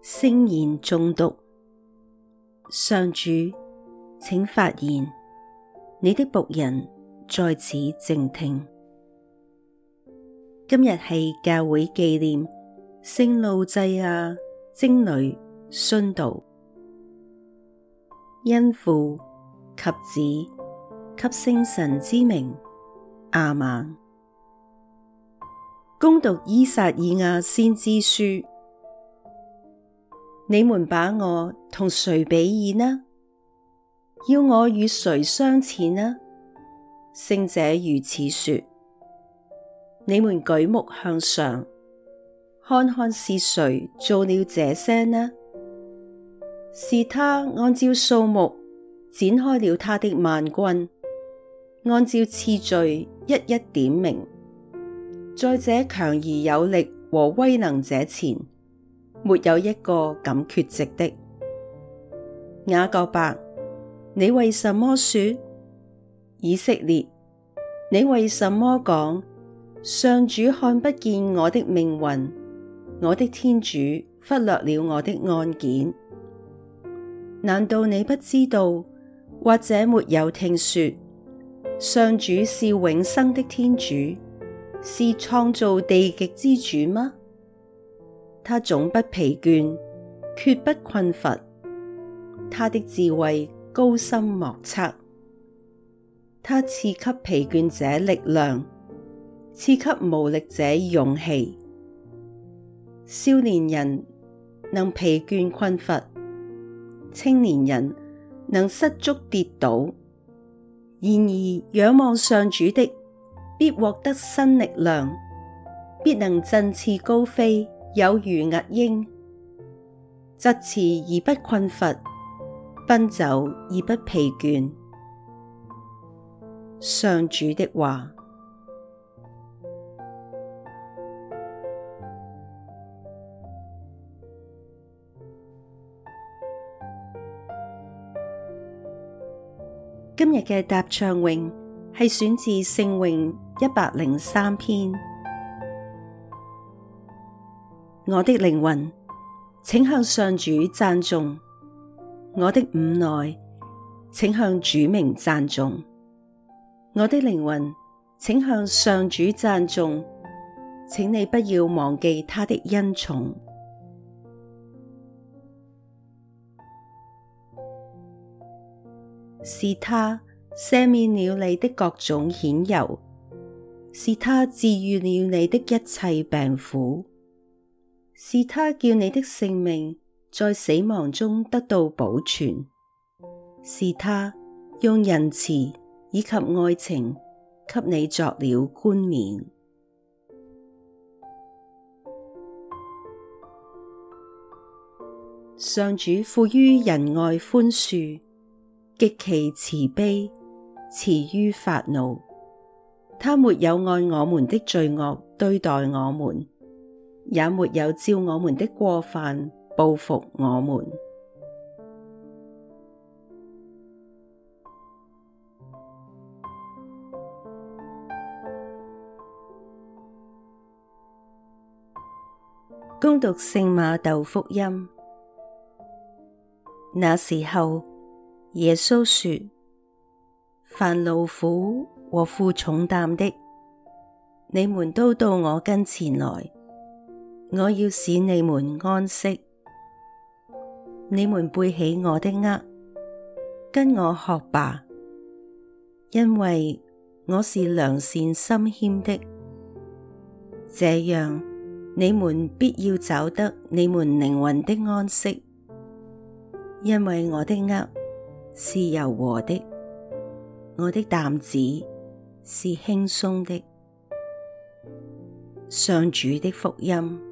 聖言誦讀，上主，請發言，你的僕人在此靜聽。今日係教會紀念聖路濟亞、啊、貞女殉道。因父及子及聖神之名阿們，恭讀依撒意亞先知書：你們把我同誰比擬呢？要我與誰相似呢？聖者如此說：你們舉目向上，看看是誰造了這些呢？是他按照數目展開了他的萬軍，按照次序一一點名，在這強而有力和威能者前，沒有一個敢缺席的。雅各伯，你為什麼說？以色列！你為什麼講上主看不見我的命運，我的天主忽略了我的案件？難道你不知道，或者沒有聽說，上主是永生的天主，是創造地極之主嗎？他總不疲倦，決不困乏，他的智慧高深莫測。他賜給疲倦者力量，賜給無力者勇氣。少年人能疲倦困乏。青年人能失足跌倒，然而仰望上主的，必獲得新力量，必能振翼高飛，有如兀鷹，疾馳而不困乏，奔走而不疲倦。上主的話。今日嘅答唱詠，係選自聖詠一百零三篇。我的靈魂，請向上主讚頌；我的五內，請向主名讚頌。我的靈魂，請向上主讚頌，請你不要忘記他的恩寵。是他赦免了你的各種愆尤，是他治癒了你的一切病苦，是他叫你的性命在死亡中得到保存，是他用仁慈以及愛情給你作了冠冕。上主富於仁愛寬恕。極其慈悲，遲於發怒。他沒有按我們的罪惡對待我們，也沒有照我們的過犯報復我們。恭讀聖瑪竇福音，那時候。耶穌說：凡勞苦和負重擔的，你們都到我跟前來，我要使你們安息。你們背起我的軛，跟我學吧，因為我是良善心謙的。這樣，你們必要找得你們靈魂的安息，因為我的軛。是柔和的，我的擔子是輕鬆的，上主的福音。